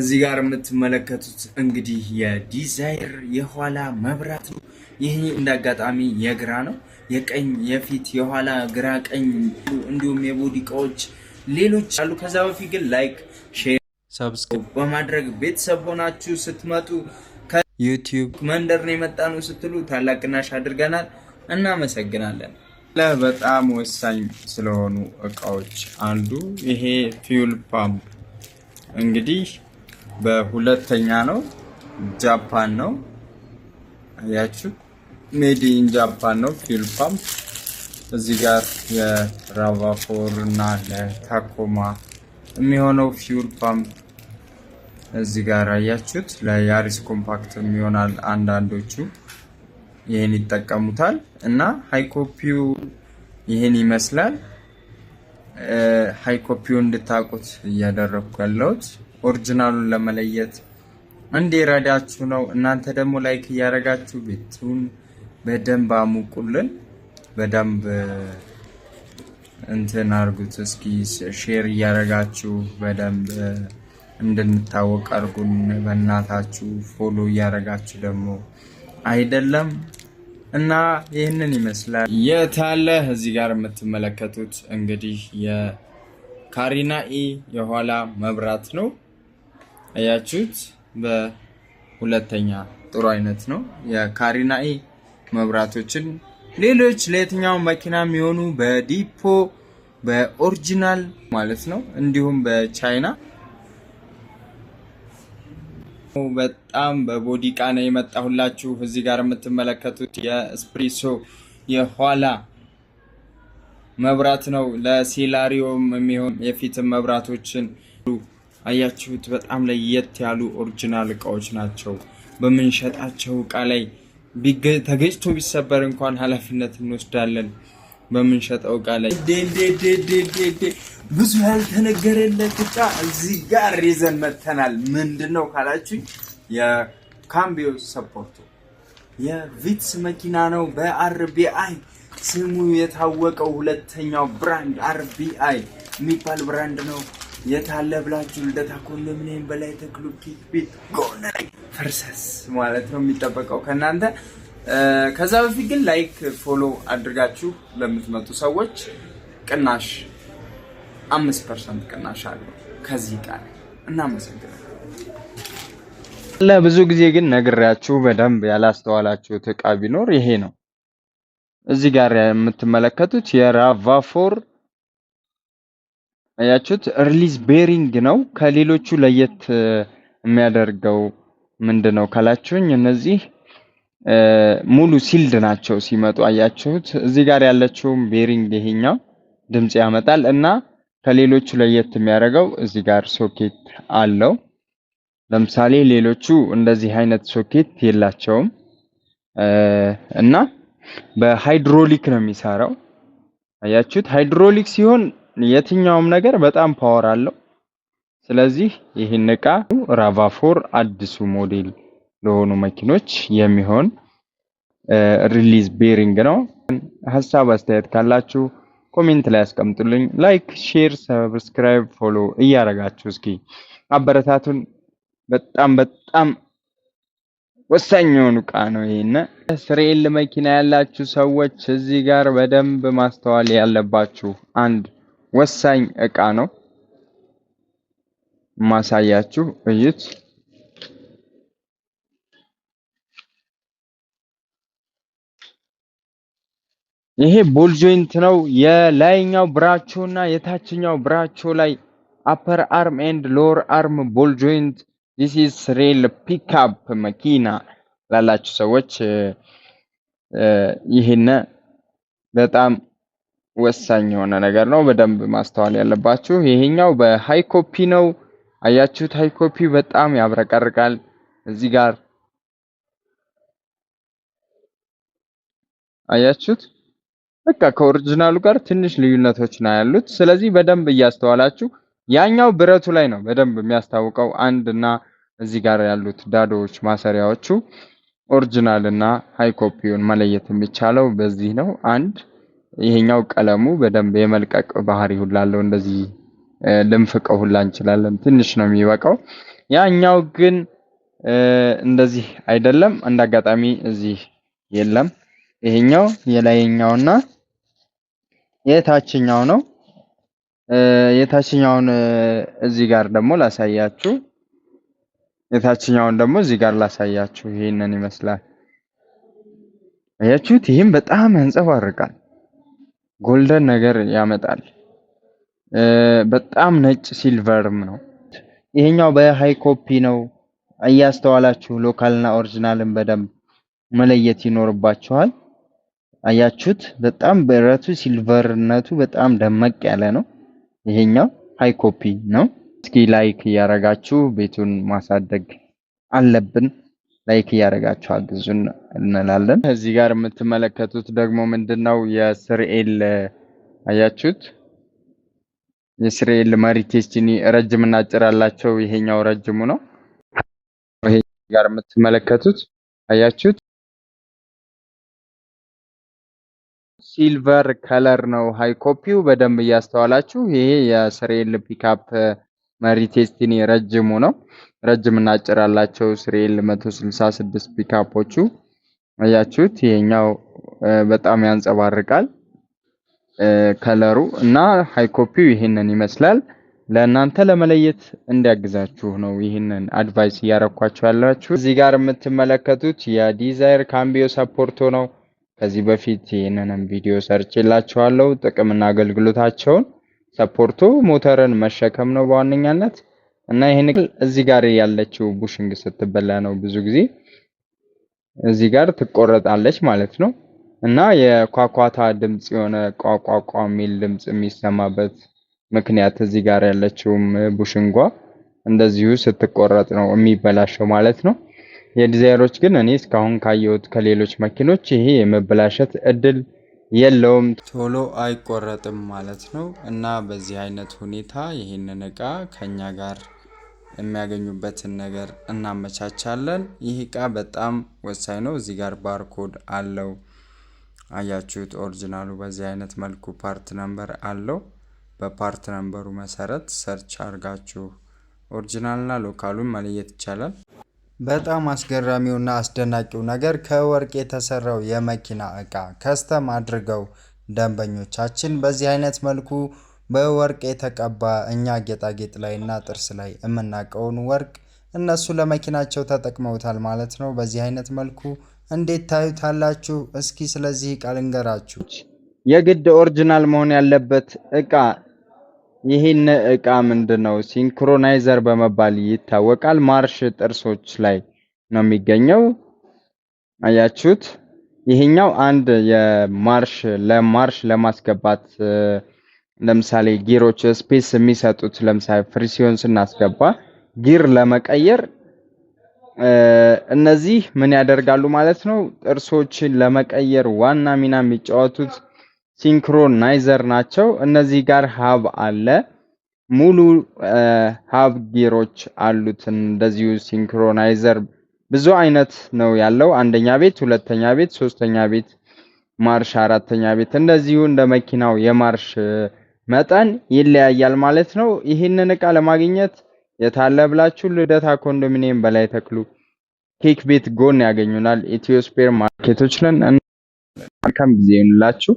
እዚህ ጋር የምትመለከቱት እንግዲህ የዲዛይር የኋላ መብራት ነው። ይህ እንዳጋጣሚ የግራ ነው፣ የቀኝ የፊት የኋላ ግራ ቀኝ፣ እንዲሁም የቦዲ እቃዎች ሌሎች አሉ። ከዛ በፊት ግን ላይክ ሼር በማድረግ ቤተሰብ ሆናችሁ ስትመጡ ከዩቲዩብ መንደር ነው የመጣ ነው ስትሉ ታላቅ ቅናሽ አድርገናል። እናመሰግናለን። ለበጣም ወሳኝ ስለሆኑ እቃዎች አንዱ ይሄ ፊውል ፓምፕ እንግዲህ በሁለተኛ ነው ጃፓን ነው። አያችሁ ሜድ ኢን ጃፓን ነው ፊውል ፓምፕ። እዚህ ጋር የራቫፎር እና ለታኮማ የሚሆነው ፊውል ፓምፕ እዚህ ጋር አያችሁት። ለያሪስ ኮምፓክት የሚሆናል አንዳንዶቹ ይህን ይጠቀሙታል። እና ሃይኮፒው ይህን ይመስላል። ሃይኮፒው እንድታቁት እያደረግኩ ያለሁት ኦሪጂናሉን ለመለየት እንዲረዳችሁ ነው። እናንተ ደግሞ ላይክ እያደረጋችሁ ቤቱን በደንብ አሙቁልን። በደንብ እንትን አርጉት። እስኪ ሼር እያደረጋችሁ በደንብ እንድንታወቅ አርጉን። በእናታችሁ ፎሎ እያደረጋችሁ ደግሞ አይደለም እና ይህንን ይመስላል። የታለ እዚህ ጋር የምትመለከቱት እንግዲህ የካሪና ኢ የኋላ መብራት ነው። አያችሁት? በሁለተኛ ጥሩ አይነት ነው። የካሪናኢ መብራቶችን ሌሎች ለየትኛው መኪና የሚሆኑ በዲፖ በኦሪጂናል ማለት ነው። እንዲሁም በቻይና በጣም በቦዲ ቃና የመጣሁላችሁ እዚህ ጋር የምትመለከቱት የስፕሪሶ የኋላ መብራት ነው። ለሴላሪዮም የሚሆን የፊትም መብራቶችን አያችሁት? በጣም ለየት ያሉ ኦሪጂናል እቃዎች ናቸው። በምንሸጣቸው እቃ ላይ ተገጭቶ ቢሰበር እንኳን ኃላፊነት እንወስዳለን። በምንሸጠው እቃ ላይ ብዙ ያልተነገረለት እቃ እዚህ ጋር ይዘን መጥተናል። ምንድን ነው ካላችሁኝ የካምቢዮ ሰፖርቱ የቪትስ መኪና ነው። በአርቢአይ ስሙ የታወቀው ሁለተኛው ብራንድ አርቢአይ የሚባል ብራንድ ነው። የታለ ብላችሁ ልደታ ኮንዶሚኒየም በላይ ተክሉ ቤት ጎናይ ፍርሰስ ማለት ነው የሚጠበቀው ከእናንተ። ከዛ በፊት ግን ላይክ ፎሎ አድርጋችሁ ለምትመጡ ሰዎች ቅናሽ አምስት ፐርሰንት ቅናሽ አለው ከዚህ ቃል እናመሰግናለን። ለብዙ ጊዜ ግን ነግሬያችሁ በደንብ ያላስተዋላችሁት እቃ ቢኖር ይሄ ነው። እዚህ ጋር የምትመለከቱት የራቫፎር አያችሁት? ሪሊዝ ቤሪንግ ነው። ከሌሎቹ ለየት የሚያደርገው ምንድን ነው ካላችሁኝ እነዚህ ሙሉ ሲልድ ናቸው ሲመጡ አያችሁት። እዚህ ጋር ያለችውም ቤሪንግ ይሄኛው ድምፅ ያመጣል እና ከሌሎቹ ለየት የሚያደርገው እዚህ ጋር ሶኬት አለው። ለምሳሌ ሌሎቹ እንደዚህ አይነት ሶኬት የላቸውም እና በሃይድሮሊክ ነው የሚሰራው። አያችሁት ሃይድሮሊክ ሲሆን የትኛውም ነገር በጣም ፓወር አለው። ስለዚህ ይህን እቃ ራቫፎር አዲሱ ሞዴል ለሆኑ መኪኖች የሚሆን ሪሊዝ ቤሪንግ ነው። ሀሳብ አስተያየት ካላችሁ ኮሜንት ላይ ያስቀምጡልኝ። ላይክ፣ ሼር፣ ሰብስክራይብ፣ ፎሎ እያደረጋችሁ እስኪ አበረታቱን። በጣም በጣም ወሳኝ የሆኑ እቃ ነው። ይሄን ስሬል መኪና ያላችሁ ሰዎች እዚህ ጋር በደንብ ማስተዋል ያለባችሁ አንድ ወሳኝ እቃ ነው። ማሳያችሁ እዩት። ይሄ ቦል ጆይንት ነው። የላይኛው ብራቾ እና የታችኛው ብራቾ ላይ አፐር አርም ኤንድ ሎወር አርም ቦል ጆይንት ዲስ ኢዝ ሬል ፒክአፕ መኪና ላላችሁ ሰዎች ይሄነ በጣም ወሳኝ የሆነ ነገር ነው። በደንብ ማስተዋል ያለባችሁ ይሄኛው በሃይ ኮፒ ነው። አያችሁት? ሃይ ኮፒ በጣም ያብረቀርቃል። እዚህ ጋር አያችሁት? በቃ ከኦሪጂናሉ ጋር ትንሽ ልዩነቶች ነው ያሉት። ስለዚህ በደንብ እያስተዋላችሁ ያኛው ብረቱ ላይ ነው በደንብ የሚያስታውቀው አንድ እና እዚህ ጋር ያሉት ዳዶዎች ማሰሪያዎቹ ኦሪጂናል እና ሃይ ኮፒውን መለየት የሚቻለው በዚህ ነው አንድ ይሄኛው ቀለሙ በደንብ የመልቀቅ ባህሪ ሁላለው እንደዚህ ልንፍቀው ሁላ እንችላለን። ትንሽ ነው የሚበቃው። ያኛው ግን እንደዚህ አይደለም። እንደ አጋጣሚ እዚህ የለም። ይሄኛው የላይኛውና የታችኛው ነው። የታችኛውን እዚህ ጋር ደግሞ ላሳያችሁ። የታችኛውን ደግሞ እዚህ ጋር ላሳያችሁ። ይሄንን ይመስላል። አያችሁት? ይህም በጣም ያንጸባርቃል። ጎልደን ነገር ያመጣል። በጣም ነጭ ሲልቨርም ነው። ይሄኛው በሃይ ኮፒ ነው። እያስተዋላችሁ ሎካልና ኦሪጂናልን በደንብ መለየት ይኖርባችኋል። አያችሁት? በጣም ብረቱ ሲልቨርነቱ በጣም ደመቅ ያለ ነው። ይሄኛው ሃይ ኮፒ ነው። እስኪ ላይክ እያረጋችሁ ቤቱን ማሳደግ አለብን። ላይክ እያደረጋችሁ አግዙን እንላለን። እዚህ ጋር የምትመለከቱት ደግሞ ምንድን ነው የስርኤል አያችሁት? የስርኤል መሪ ቴስቲኒ ረጅምና አጭር አላቸው። ይሄኛው ረጅሙ ነው። ይሄ ጋር የምትመለከቱት አያችሁት? ሲልቨር ከለር ነው ሃይ ኮፒው። በደንብ እያስተዋላችሁ ይሄ የስርኤል ፒካፕ መሪ ቴስቲኒ ረጅሙ ነው። ረጅም እና አጭር ያላቸው ስሪኤል 166 ፒካፖቹ አያችሁት። ይሄኛው በጣም ያንጸባርቃል ከለሩ እና ሃይኮፒው ይሄንን ይመስላል። ለእናንተ ለመለየት እንዲያግዛችሁ ነው ይህንን አድቫይስ እያረኳችሁ ያላችሁ። እዚህ ጋር የምትመለከቱት የዲዛይር ካምቢዮ ሰፖርቶ ነው። ከዚህ በፊት ይህንንም ቪዲዮ ሰርቼላችኋለሁ። ጥቅምና አገልግሎታቸውን ሰፖርቶ ሞተርን መሸከም ነው በዋነኛነት እና ይሄን እዚህ ጋር ያለችው ቡሽንግ ስትበላ ነው ብዙ ጊዜ እዚህ ጋር ትቆረጣለች ማለት ነው። እና የኳኳታ ድምጽ የሆነ ቋቋቋ የሚል ድምጽ የሚሰማበት ምክንያት እዚህ ጋር ያለችውም ቡሽንጓ እንደዚሁ ስትቆረጥ ነው የሚበላሸው ማለት ነው። የዲዛይሮች ግን እኔ እስካሁን ካየሁት ከሌሎች መኪኖች ይሄ የመበላሸት እድል የለውም፣ ቶሎ አይቆረጥም ማለት ነው። እና በዚህ አይነት ሁኔታ ይህንን እቃ ከኛ ጋር የሚያገኙበትን ነገር እናመቻቻለን። ይህ እቃ በጣም ወሳኝ ነው። እዚህ ጋር ባርኮድ አለው አያችሁት። ኦሪጂናሉ በዚህ አይነት መልኩ ፓርት ነምበር አለው። በፓርት ነምበሩ መሰረት ሰርች አድርጋችሁ ኦሪጂናልና ሎካሉን መለየት ይቻላል። በጣም አስገራሚውና አስደናቂው ነገር ከወርቅ የተሰራው የመኪና እቃ ከስተም አድርገው ደንበኞቻችን በዚህ አይነት መልኩ በወርቅ የተቀባ እኛ ጌጣጌጥ ላይ እና ጥርስ ላይ የምናውቀውን ወርቅ እነሱ ለመኪናቸው ተጠቅመውታል ማለት ነው። በዚህ አይነት መልኩ እንዴት ታዩታላችሁ? እስኪ ስለዚህ እቃ ልንገራችሁ። የግድ ኦሪጂናል መሆን ያለበት እቃ ይህን እቃ ምንድን ነው? ሲንክሮናይዘር በመባል ይታወቃል። ማርሽ ጥርሶች ላይ ነው የሚገኘው። አያችሁት? ይሄኛው አንድ የማርሽ ለማርሽ ለማስገባት ለምሳሌ ጊሮች ስፔስ የሚሰጡት ለምሳሌ ፍሪ ስናስገባ ጊር ለመቀየር እነዚህ ምን ያደርጋሉ ማለት ነው። ጥርሶችን ለመቀየር ዋና ሚና የሚጫወቱት ሲንክሮናይዘር ናቸው። እነዚህ ጋር ሀብ አለ። ሙሉ ሀብ ጊሮች አሉት። እንደዚሁ ሲንክሮናይዘር ብዙ አይነት ነው ያለው። አንደኛ ቤት፣ ሁለተኛ ቤት፣ ሶስተኛ ቤት ማርሽ፣ አራተኛ ቤት እንደዚሁ እንደ መኪናው የማርሽ መጠን ይለያያል ማለት ነው። ይህንን እቃ ለማግኘት የታለ ብላችሁ ልደታ ኮንዶሚኒየም በላይ ተክሉ ኬክ ቤት ጎን ያገኙናል። ኢትዮ ስፔር ማርኬቶች ነን። መልካም ጊዜ ይሁንላችሁ።